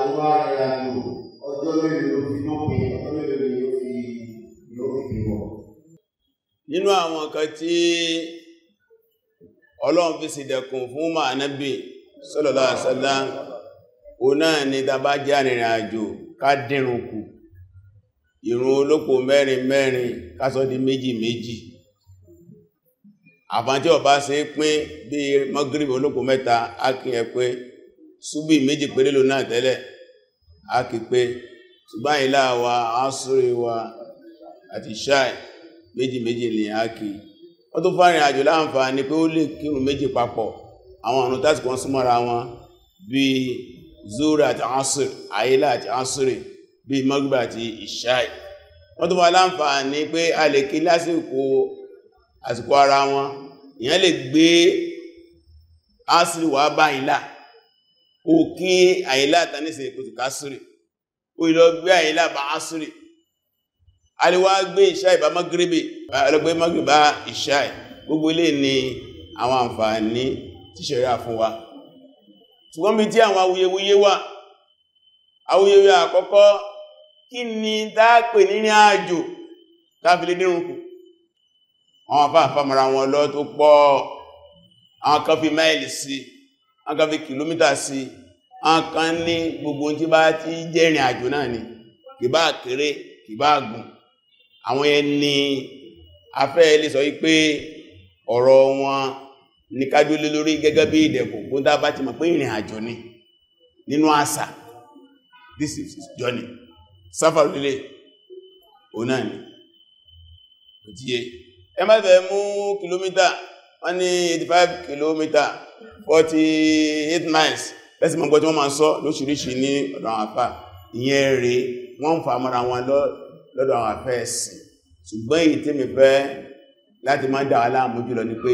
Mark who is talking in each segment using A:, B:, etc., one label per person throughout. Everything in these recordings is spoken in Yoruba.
A: àwọn arìnrìnàjò ọjọ́ mélòó ló fi lópin ọjọ́ mélòó ni fi yóò fi nínú àwọn nǹkan tí ọlọ́run fi sì dẹ̀kùn fún màánábì sallallahu alaihi wasallam o náà ni tàbá jẹ́ arìnrìn àjò ká dínrùn kù ìrun olóko mẹ́rin mẹ́rin ká sọ di méjì méjì àfáǹtí ọba ṣe pín bí mọ́gírìbì olóko mẹ́ta á kí ẹ pé súbì méjì péré ló náà tẹ́lẹ̀ a kì pé ṣùgbọ́n ìlà wa asúrí wa àti ṣáì méjì méjì lè a kì ó tó fárin àjò láǹfààní pé ó lè kírun méjì papọ̀ àwọn àrùn tásìkò wọn súnmọ́ra wọn bí zura àti asir àìlà àti asiri bí magba àti ìṣáì wọ́n tó wá láǹfààní pé a lè kí lásìkò àsìkò ara wọn ìyẹn lè gbé asiri wà báyìí láà òkè àìlá àtàníṣe kò ti kásírì ó ìlọ gbé àìlá bá ásírì aliwá gbé ìṣá ìbá magribi alẹ́gbẹ́ magribá ìṣá gbogbo ilé ni àwọn àǹfààní tí ṣẹ̀rẹ́ fún wa ṣùgbọ́n bí tí àwọn awuyewuye wà awuyewuye àkọ́kọ́ kí ni dápè nínú àjò káfílé nírùnkù àwọn afáfà mara wọn lọ tó pọ̀ àwọn kan fi máìlì sí i a kàn fi kìlómítà sí a kàn ní gbogbo tí bá ti jẹ́rìn àjò náà ni kìbá kéré kìbá gùn àwọn yẹn ni afẹ́ ilé sọ wípé ọ̀rọ̀ wọn ní kájúlé lórí gẹ́gẹ́ bí ìdẹ̀kùn kó dá bá ti mọ̀ pé ìrìn àjò ni nínú àṣà this is journey sáfà lílé ọ̀nà ni òtíye ẹ má fẹ́ mú kìlómítà wọ́n ní 85 kìlómítà 48 miles lẹ́sìn mọ́ gbọ́tí wọ́n máa sọ lóṣìíríṣìí ní ọ̀dọ̀ àwọn àfà ìyẹn rèé wọ́n ń fa mọ́ra wọn lọ́dọ̀ àwọn àfẹ́ ẹ̀sìn ṣùgbọ́n èyí tí mi fẹ́ láti máa dà wá láàmú jùlọ ni pé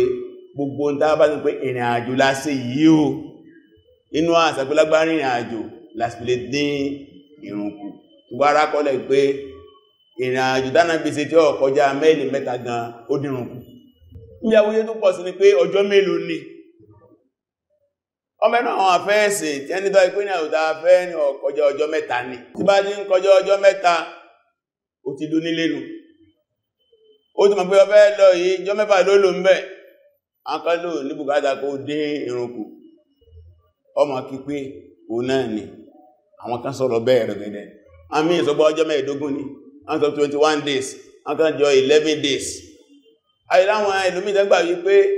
A: gbogbo ń dábá ní pé ìrìn àjò lásì yìí o inú àṣàgbélágbá rìnrìn àjò lásìlè dín ìrùnkù gbára kọ́lẹ̀ pé ìrìn àjò dáná bí ṣe tí ó kọjá mẹ́lì mẹ́ta gan ó dìrùnkù ìyàwó yẹ́ tó pọ̀ sí ni pé ọjọ́ mélòó ni ọmọdé àwọn afẹ́ẹ̀sìn tí ẹni tó ìpínlẹ̀ òta afẹ́ ní ọkọjọ ọjọ́ mẹ́ta ni tí bá kọjọ ọjọ́ mẹ́ta ó ti dún nílé nù ó ti mọ̀ pé ọfẹ́ lọ yìí jọ mẹ́fà ló ń bẹ̀ akọ́lò ní bùkátà kó dé ìrùnkù ọmọ kí òun náà ni àwọn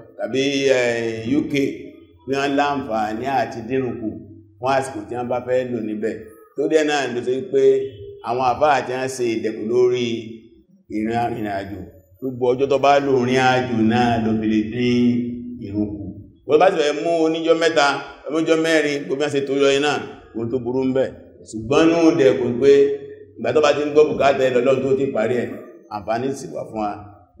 A: tàbí eh, UK ní wọ́n láǹfààní àti dínúkù fún àsìkò tí wọ́n bá fẹ́ lò níbẹ̀ tó dẹ̀ náà ló tó pé àwọn àbá àti wọ́n ṣe ìdẹ̀kù lórí ìrìn àjò gbogbo ọjọ́ tó bá lò rìn àjò náà lọ fi lè dín ìrùkù wọ́n bá ti fẹ́ mú oníjọ́ mẹ́ta oníjọ́ mẹ́rin gbogbo àṣẹ tó yọ iná kò tó burú ń bẹ̀ ṣùgbọ́n ní ó dẹ̀kù pé ìgbà tó bá ti ń gbọ́ bùkátà ẹlọ́lọ́ tó ti parí ẹ̀ àǹfààní sì wà fún wa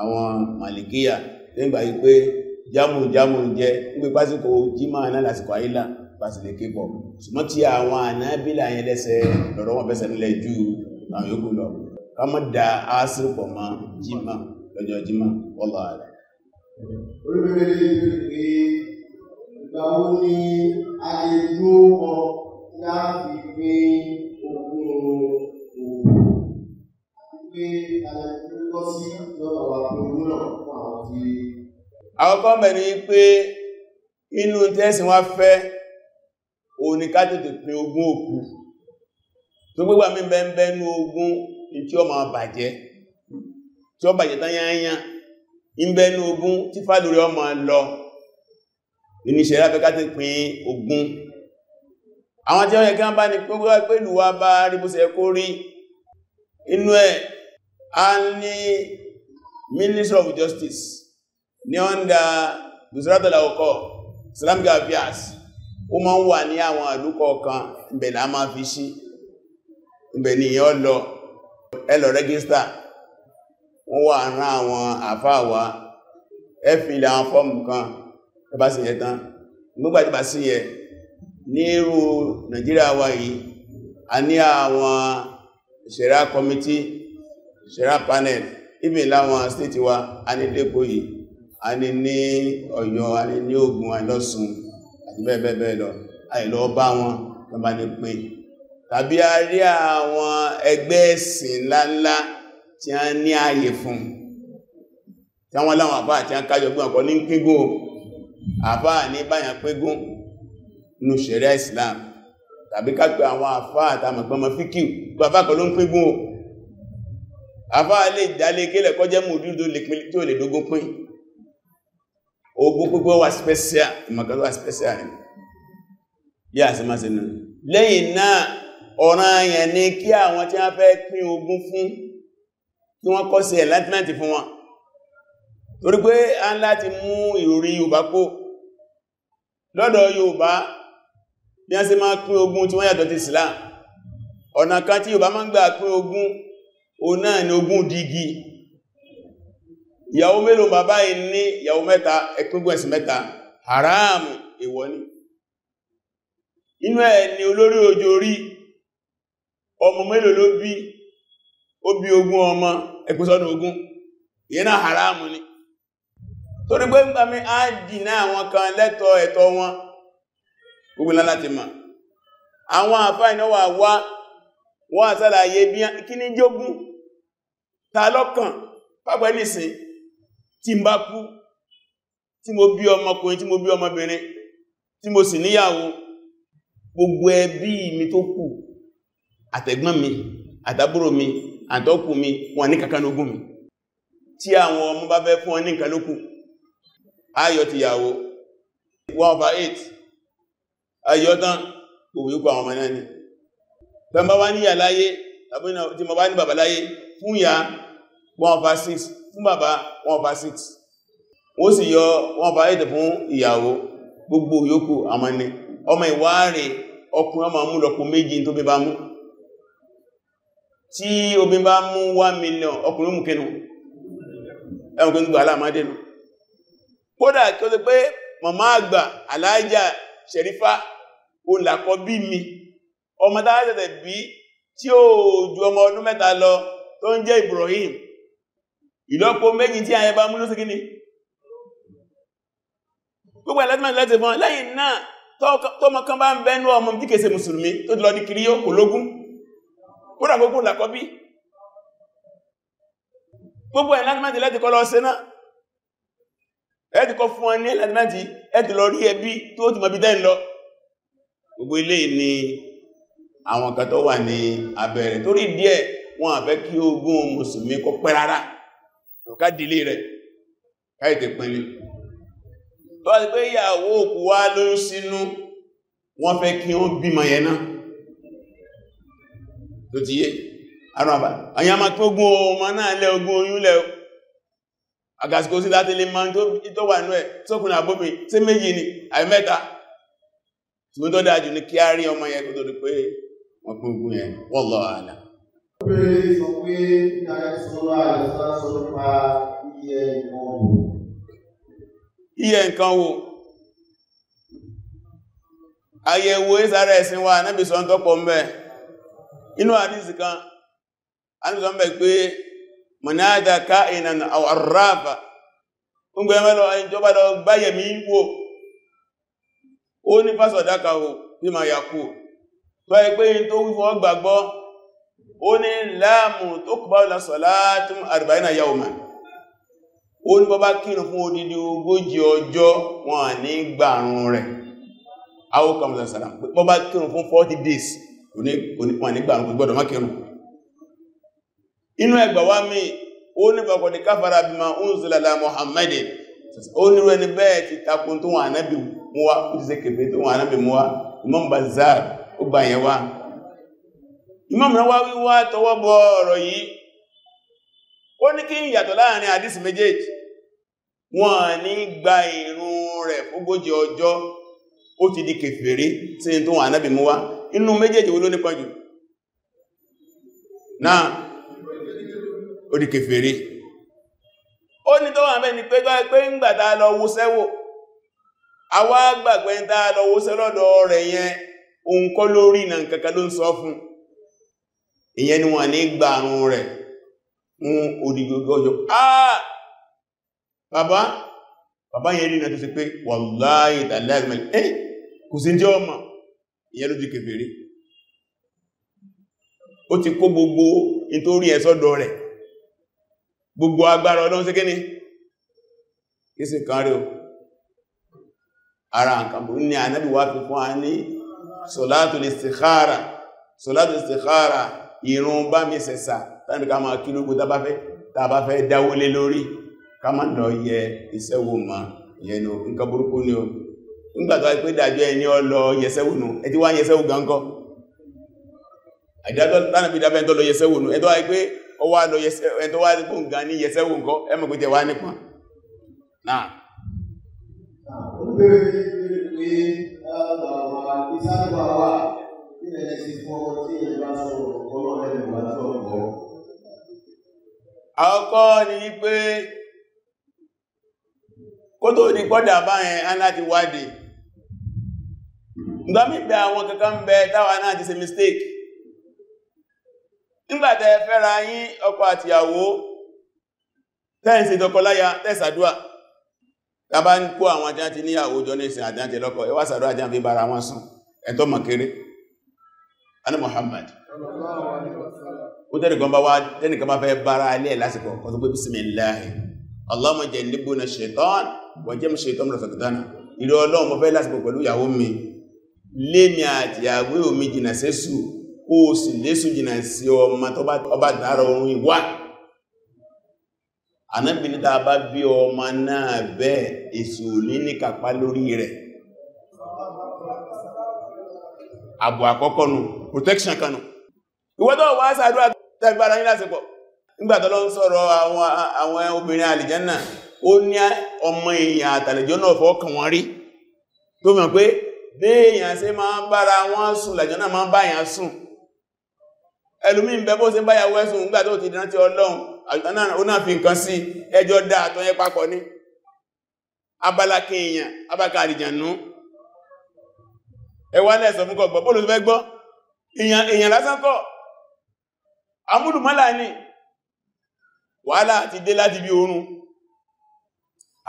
A: àwọn màlìkíyà nígbà yìí pé jámù jámù jẹ́ nígbà pásíkò jímọ̀ náà lásìkò àyílà pàṣẹlẹ̀ képọ̀ ṣùgbọ́n tí àwọn ànábìlà yẹn lẹ́sẹ̀ lọ́rọ́ wọn fẹsẹ̀ nílẹ̀ ju àwọn yòókù lọ ká mọ́ da áásírì mọ́ jímọ̀ lọ́jọ́ jímọ̀ wọ́lọ́ rẹ̀. olùbẹ̀rẹ̀ ìgbà wo ni a lè dúró kọ láti pé alẹ́ tó tọ́ sí lọ́dọ̀ wa pé owó náà fún àwọn tí. àwọn kan bẹ̀rẹ̀ ni pé inú tẹ́sìn wá fẹ́ òun ni ká tètè pin ogún òkú tó gbégbà mí bẹ́ẹ̀ nú ogún tí ó máa bàjẹ́ tí ó bàjẹ́ tán yányán ń bẹ́ẹ̀ nú ogún tí fàdúrí ọmọ lọ ìníṣẹ́ láfẹ́ ká tètè pin ogún àwọn tí ó yẹ kí wọ́n bá ní pé gbogbo bá rí bó ṣe kó rí inú ẹ̀ a minister of justice ní ọ́ndà gùsùlátà làwọ́kọ́ islamic affairs ó máa ń wà ní àwọn àdúkọ̀ kan ìbẹ̀ là máa fi sí ìbẹ̀ ni ìyàn lọ ẹlọ rẹ́gísítà wọ́n wà rán àwọn àfáàwà ẹfìlẹ̀ àwọn fọ́ọ̀mù kan ẹbá sí yẹn tán gbogbo sí yẹ ní irú Nàìjíríà wa a ní àwọn ìṣẹ̀rá committee ṣẹ̀rá panel ibi láwọn stéètì wa a ní lẹ́kọ̀ọ́yì a ní ní ọ̀yọ́ a ní ní Ògùn àìlọ́sùn àti bẹ́ẹ̀bẹ́ẹ̀ lọ àìlọ́ bá wọn lọ́bá ní pé tàbí a rí àwọn ẹgbẹ́ ẹ̀sìn ńláńlá tí a ní ààyè fún tí wọ́n láwọn àbá àti àkájọ gbọ́n ọkọ̀ ní kígún àbá ní báyàn pégún nù ṣẹ̀rẹ́ Islam tàbí ká pé àwọn àfáà àtàmọ̀gbọ́n mọ̀ fíkì gbọ́ àbákọ̀ ló ń pégún o àfá lè dálé kílẹ̀ kọ́ jẹ́ mú dúdú tí ó lè dógún pín ogun púpọ̀ wà spẹ́síà ìmọ̀kàtọ̀ wà spẹ́síà rẹ̀ yà sí máa sí náà lẹ́yìn náà ọ̀ràn yẹn ni kí àwọn tí wọ́n fẹ́ pín ogun fún kí wọ́n kọ́ sí ẹ̀látíláti fún wọn torí pé a ń láti mú ìròrí Yorùbá kó lọ́dọ̀ Yorùbá bí wọ́n ṣe máa pín ogun tí wọ́n yàtọ̀ ti Islam ọ̀nà kan tí Yorùbá máa ń gbà pín ogun o náà ni ogún dígí ìyàwó mélòó bàbá yìí ní ìyàwó mẹ́ta ẹkùngùn ẹ̀sìn mẹ́ta haram èwọ̀ ni inú ẹ̀ ni olórí ojú orí ọmọ mélòó ló bí ó bí ogún ọmọ ẹkùnsọ́nà ogun ìyẹn na haram ni torí pé nígbà mi á dìnà àwọn kan lẹ́tọ̀ ẹ̀tọ́ wọn gbogbo láti mọ̀ àwọn àfáìnáwà wá wọ́n àsàlàyé bí kí ní jogún ta lọ́kàn pàpẹ́ nìsìn tí n bá kú tí mo bí ọmọkùnrin tí mo bí ọmọbìnrin tí mo sì níyàwó gbogbo ẹbí mi tó kù àtẹ̀gbọ́n mi àtàbúrò mi àtọ́kù mi wọ́n ní kankan lógún mi tí àwọn ọmọ bá fẹ́ fún ọ ní nǹkan lókù ayọ̀ ti yàwó 1/8 ayọ̀ tán òwúkọ àwọn ọmọ náà ni tọ́n bá wá níyà láyé tàbí tí mo bá ní bàbá láyé fún ya 1 over 6 fún bàbá 1 over 6 wọ́n sì yọ 1 over 8 fún ìyàwó gbogbo yòókù àmọ́ ni ọmọ ìwáàrẹ̀ ọkùnrin ọmọ amúlọpù méjì tó bí bá mú tí obin bá mú 1 million ọkùnrin mú kínú ẹwọ̀n gbogbo aláàmádẹ́nu kódà kí ó tó pé màmá àgbà aláàjà ṣẹ̀rífà olàkọ́ bí mi ọmọ dáadẹ̀dẹ̀ bí tí ó ju ọmọ ọdún mẹ́ta lọ tó ń jẹ́ Ibrahim ìlọ́po méjì tí ayẹ bá mú ló sí kí ni gbogbo ẹ̀lẹ́tìmọ̀ láti fún lẹ́yìn náà tó mọ́ kán bá ń bẹ́nu ọmọ tí kèsè mùsùlùmí tó lọ di kiri yóò kò lógún kúrò gbogbo làkọ́ bí gbogbo ẹ̀lẹ́tìmọ̀ láti kọ́ lọ sí náà ẹ̀ẹ́dì ni àwọn kan tó wà ní abẹ́rẹ̀ torí díẹ̀ wọn àfẹ́ kí ogún mùsùlùmí kó pẹ́ rárá ọ̀ká dìlé rẹ̀ káìtẹ̀ pẹ̀lú tó wá sí pé ìyàwó òkú wá ló sínú wọ́n fẹ́ kí wọ́n bímọ yẹn náà tó ti yé arọ́bà àyàmà tó gún ọmọ náà lẹ ogún oyún lẹ àgàsìkò sí láti lè máa tó wà ní ẹ̀ àbómi tí méjì ni àbí mẹ́ta tí tó pé ìdájọ́sọ́lá àìsàn sọ nípa iye nǹkan wò. iye nǹkan wò àyẹ̀wò ìsára ẹ̀sìn wa sọ tọ́pọ̀ inú kan alìsọ mẹ́ pé mọ̀nádà ká ìnànà àwárráfà ń gbé mẹ́lọ ìjọba lọ gbáyẹ̀mí wò ó ní pásọ̀dákàwò ma yàkó tọ́ ẹgbẹ́ yìí tó wífọ́ gbàgbọ́ ó ní láàmù tó kù bá wùlá sọ̀látún àrùbáyìnà yawman ó ní bọ́bá kírùn fún odidi ogójì ọjọ́ wọn ní gbàrún rẹ̀ awókàmùsà sàrà bọ́bá kírùn fún 40 days wọn ní gbàrún gbọ́dọ̀ má kírùn inú ẹgbà wá mi ó ní bàkọ̀dì káfàrà bí ma ń zùlà lá Muhammadi ó ní rẹni bẹ́ẹ̀ ti takun tó wọn ànábì mú wá ó ti ṣe kèfé tó wọn ànábì mú wá Imam Imam Nawawi wá tọwọ́ bọ ọ̀rọ̀ yìí ó ní kí yàtọ̀ láàrin àdísì méjèèjì wọ́n ní gba ìrun rẹ̀ fógójì ọjọ́ ó ti di kèfèrí tí tó wà náà mú wá inú méjèèjì wo ló nípa jù náà ó di kèfèrí ó ní tó wà ni pé gbá pé ń gbàtà lọ wúsẹ́wò àwa gbàgbẹ́ ń tà lọ wúsẹ́ lọ́dọ̀ rẹ̀ yẹn òun kọ́ lórí nà nǹkankan ló ń sọ fún ìyẹn ni wọ́n ní gba àrùn rẹ̀ fún odìgbogbo ah bàbá bàbá yẹn rí náà tó sì pé wàláyé tàlẹ́gbẹ̀l eh kò sí jẹ́ ọmọ ìyẹn ló di kèfèrí ó ti kó gbogbo nítorí ẹ̀sọ́dọ̀ rẹ̀ gbogbo agbára ọlọ́run sí kí ni kí sí kan ìrun bá mi sẹ̀sà tàbí ká máa kílógó tàbá fẹ́ dáwó lé lórí ká má lọ yẹ ìṣẹ́wò ma yẹnu nǹkan burúkú ni o nígbàtọ́ pé dájọ́ ẹni ọlọ yẹsẹ́wò nù ẹ ti wá yẹsẹ́wò gánkọ́ àjádọ́ tánàbí dábẹ́ tó lọ yẹsẹ́wò nù àkọ́kọ́ ni pé, kó tó di gbọ́dà báyẹn á ti wádìí gbọ́mí pé àwọn kankan ń bẹ táwa náà ti ṣe mistake nígbàtẹ̀ fẹ́ra yí ọkọ àtìyàwó tẹ́ẹ̀sì tọkọláya tẹ́sàdúà tàbá ń kó àwọn ajá ti níyàwó jọ ní ìsìn ana Muhammad ó tẹ́nìkan bá wá tẹ́nìkan bá fẹ́ bára alẹ́ lásìkò ọdún pé bismillahi Allahumma jannibna shaitan wa jannib shaitan razaqtana ìrẹ́ ọlọ́run mo fẹ́ lásìkò pẹ̀lú ìyàwó mi lé mi àti ìyàwó mi jìnà sẹ́sù ó sì lésù jìnà sí ọmọ tó bá dára orun ìwà anábìnrin tá a bá bí ọmọ náà bẹ́ẹ̀ èsù ní ní kàpá lórí rẹ̀ àbò àkọ́kọ́ nù protection kanù ìwọ́tọ̀ wá sàdúrà tẹ́gbàrá yí lásìpọ̀ nígbàtọ́lọ́ ń sọ̀rọ̀ àwọn obìnrin àlìjánà ó ní ọmọ èèyàn àtàlẹ̀jọ́ náà fọ́kàn wọn rí tó mọ̀ pé béèyàn ṣe máa ń bára wọn sùn làjọ́ náà máa ń báyàn sùn ẹlùmí ń bẹ bó ṣe ń báyàwó ẹ̀sùn nígbà tó ti rántí ọlọ́run ó náà fi nǹkan sí ẹjọ́ dáa tó yẹ papọ̀ ní abala kí èèyàn abákà àlìjànú ẹwà lẹ́sọ̀ fún kọ̀gbọ̀ bóòlù fẹ́ gbọ́ èyàn èyàn lásán kọ́ amúlùmọ́lá ní wàhálà ti dé láti bí oorun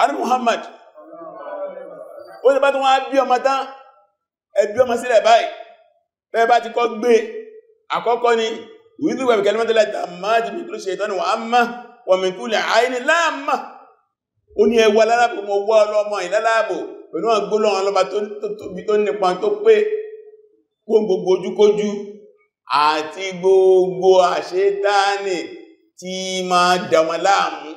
A: arun Muhammad ó lè bá tó wọ́n bí ọmọ tán ẹbí ọmọ sílẹ̀ báyìí pẹ́ bá ti kọ́ gbé àkọ́kọ́ ni wíwíwẹ̀ kẹlẹ́mọ́tẹ́lá tàmáàtì mi tó ṣe ìtọ́ni wà á má wà mí kúlẹ̀ àìní láàmà ó ní ẹwà lálábò mọ́ wọ́ ọlọ́mọ ìlálábò pẹ̀lú àgbólọ́ ọlọ́mọ tó nípa tó pé kó gbogbo ojúkójú àti gbogbo àṣetáni tí máa dàmà láàmú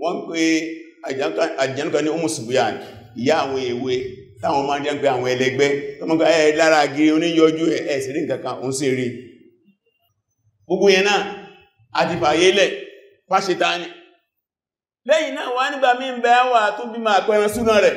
A: wọ́n pé àjẹ́nukà ní Umu Subiyan ìyá àwọn èwe táwọn máa jẹ́ pé àwọn ẹlẹgbẹ́ tó mọ́ ẹ̀ lára gírí oníyọjú ẹ̀ sí rí nǹkankan òun sí rí gbogbo yẹn náà àti fàyélẹ̀ fáṣetáni lẹ́yìn náà wọ́n nígbà mí ń bẹ́ tó bí máa pẹran súnà rẹ̀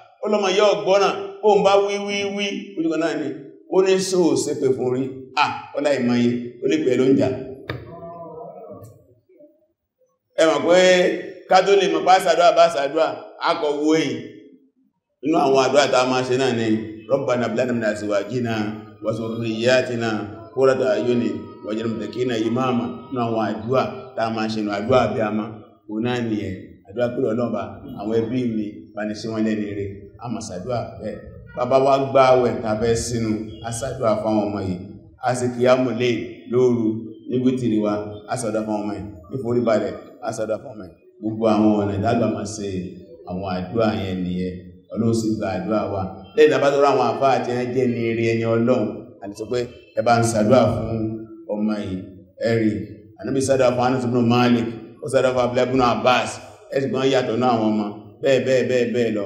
A: ọlọ́mọ yọ ọgbọ́ràn ó ń bá wí wí náà ni ó ní pé fún orí à ọlá ìmọ̀ye ó lè pẹ̀lú ẹ mọ̀ pé kátó lè mọ̀ bá akọ̀wó èyí inú àwọn tá a máa ṣe náà ni Rabbana bláàdàm ní àsìwájínà wàsùnrìyàtìnà kúrọ̀tà ayóni wàjẹ̀rùmùtàkínà ìmáàmà inú àwọn àdúà tá a máa ṣe nù bí a máa òun náà nìyẹn àdúà pẹ̀lú ọlọ́ba àwọn ẹbí mi bá ní sí wọn lẹ́ni a máa ṣàdúrà bẹ́ẹ̀ bàbá wa gba àwẹ̀ sínú a ṣàdúrà fáwọn ọmọ yìí a sì kìyàmù lè lóru ní wítìrì wa a ṣàdúrà fáwọn ọmọ yìí níforí balẹ̀ a ṣàdúrà fáwọn ọmọ yìí gbogbo àwọn ọ̀nà ìdágbà máa ṣe àwọn àdúrà yẹn nìyẹn ọlọ́run sì gba àdúrà wa lẹ́yìn ìdábá tó ráwọn àfá àti ẹn jẹ́ ní eré ẹni ọlọ́run àti sọ pé ẹ bá ń ṣàdúrà fún ọmọ yìí ẹ̀rì ànábì ṣàdúrà fún Anas ibn Malik ó ṣàdúrà fún Abdullahi ibn Abbas ẹ̀sùn kan yàtọ̀ náà àwọn ọmọ bẹ́ẹ̀ bẹ́ẹ̀ bẹ́ẹ̀ bẹ́ẹ̀ lọ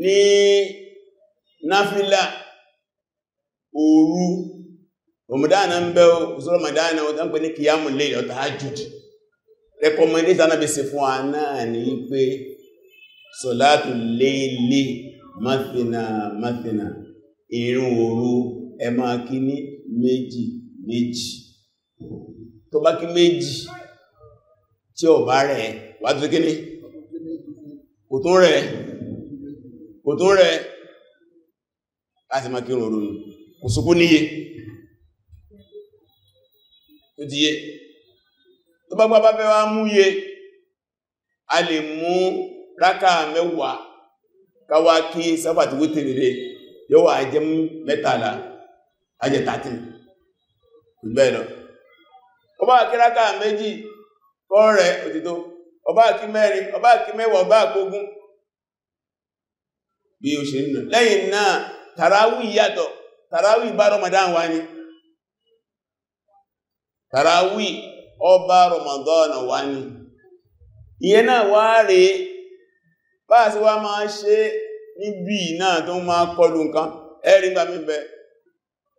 A: ní náfílà òru ọmọdáàna ń bẹ́ òṣòro mọ̀dáàna ọ̀tọ́ ń pè ní kìyàmù lè ọ̀tà ajúdì recommendation náà bí ṣe fún wa ní pé sọ̀látù léèlé máfínà máfínà ìrun òru ẹ máa méjì méjì tó bá kò tó láti máa kírun òru kò sókú níye tó ti yé tó bá gbábá fẹ́ wá mú yé a lè mú rákà mẹ́wàá káwá kí sábàtí wó tèrèrè yóò wà jẹ́ mẹ́tàlá ajẹ́ ìgbẹ́ lọ ọba àkí rákà méjì bí ó ṣe nù lẹ́yìn náà tàráwì yàtọ̀ tàráwì bá Ramadan wá ní Ramadan wá ní ìyẹn náà wá rèé bá sí wá máa ṣe níbi náà tó máa kọlu nǹkan ẹ̀rí gbà míbẹ̀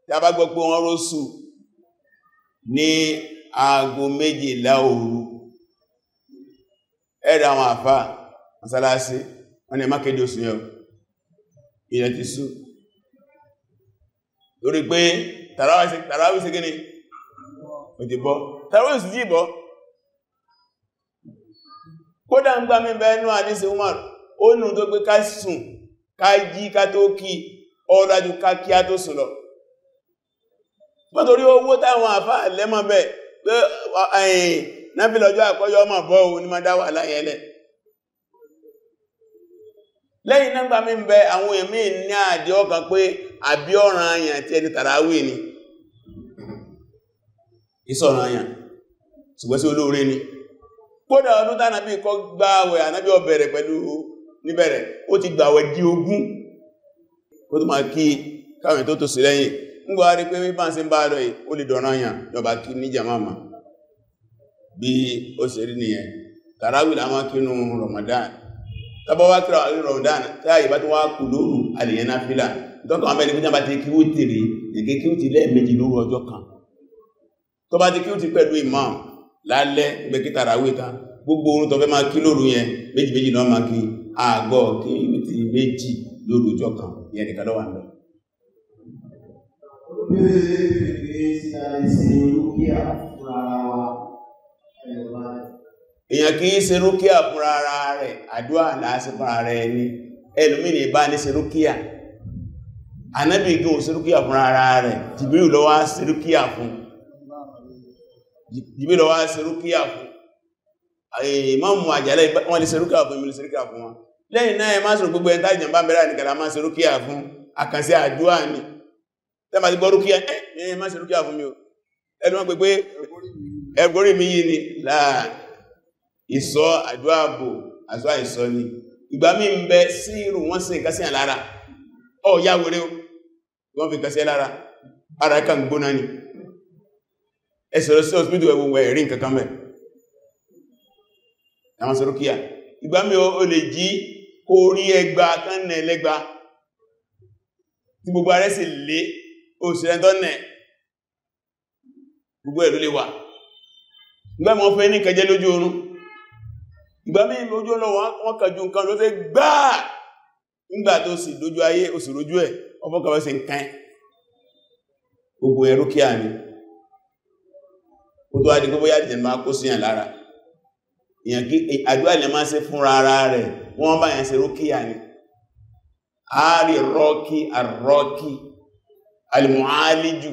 A: tí a bá ní aago méjìlá òru àwọn ni ilẹ̀ ti sú lórí pé tàràwí sí gíní òdìbọ́ tàràwí sí jíbọ́ kódà ń gbá mẹ́bẹ̀ ẹnu àdísí woman ó nù tó gbé ká sùn ká jí ká tó kí ọ̀dájú ká kí á tó sùn lọ pọ́torí owó táwọn àfá lẹ́mọ̀ bẹ́ẹ̀ pé ẹ̀yìn náà fi lọ́jọ́ àkọ́jọ́ ọmọ bọ́ òun ni dáwà lẹ́yìn nọ́gbà mí ń bẹ àwọn èmì ní àdí ọkàn pé àbí ọ̀ràn àyàn tí ẹni tàràwì ni ìsọ̀ràn àyàn ṣùgbọ́n sí olóore ni kódà ọdún tánàbí kọ́ gbààwẹ̀ ànábí ọbẹ̀rẹ̀ pẹ̀lú níbẹ̀rẹ̀ ó ti gbààwẹ̀ di ogún ó tó máa kí káwọn tó tó sí tọ́bọ́ wá kíra àrí rọ̀dán táyì bá tó wá kù lóòrù àlèyàn náà fílà tọ́kọ̀ àmẹ́rin fún jàmbá ti kí ó tèrè èké kí ó ti lẹ́ẹ̀mejì lóòrù ọjọ́ kan tó bá ti kí ó ti pẹ̀lú imam lálẹ́ gbẹ̀kítà ràwé ta gbogbo orun tọ́fẹ́ máa kí lóòrù yẹn méjì méjì náà máa kí àgọ́ kí ó ti méjì lóòrù ọjọ́ kan ìyẹn nìkan lọ́wọ́ àná Bí ó ṣe lè èyàn kì í ṣe rúkíà fúnra ara rẹ̀ àdúà láàáṣẹ́ fúnra rẹ̀ ní ẹlùmínì bá ní ṣe rúkíà anábì kí o rúkíà fúnra ara rẹ̀ jìbìrì ló wá rúkíà fún jìbìrì ló wá rúkíà fún ìmáàmù àjálẹ̀ wọ́n lè rúkíà fún ìmìlì rúkíà fún wọn lẹ́yìn náà sọ gbogbo ìjàmbá ìsọ́ àdúrà bò àdúrà ni ìgbà mí ń bẹ sí irú wọ́n sí ọ ya wèrè o wọ́n fi ara kan gbóná ni ẹsẹ̀rẹ̀ sí ọ̀sìmìdì ẹwọ wẹ̀ rí mẹ́ àwọn sọ̀rọ̀kíyà ìgbà mí o lè jí kó rí ẹgbà kan lẹ́gbà gbogbo ààrẹ gbogbo lè ìgbà mí lójú ọ̀nà wọ́n kàjú nǹkan ló fẹ́ gbáà nígbà tó sì lójú ayé ó sì lójú ẹ̀ ọfọ́kàwẹ́ sí nǹkan gbogbo ẹ̀rú kí à ní ó tó adìgbò bóyá jẹ̀ máa kó sí yàn lára àdúrà ilẹ̀ máa ṣe fúnra ara rẹ̀ wọ́n bá yàn ṣe rúkíyà ní ààrí rọ́kí àrọ́kí alìmọ̀álíjù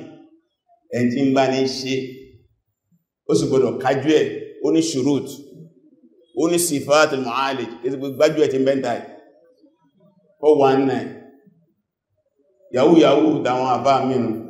A: ẹ̀jí ń bá ní ṣe ó sì gbọdọ̀ kájú ẹ̀ ó ní ṣùrùtù ó ní sífàtí mọ̀hálì kìí gbájú ẹ̀ ti mẹ́ta ọ̀ wà náà yahoo yahoo dáwọn àbá mìíràn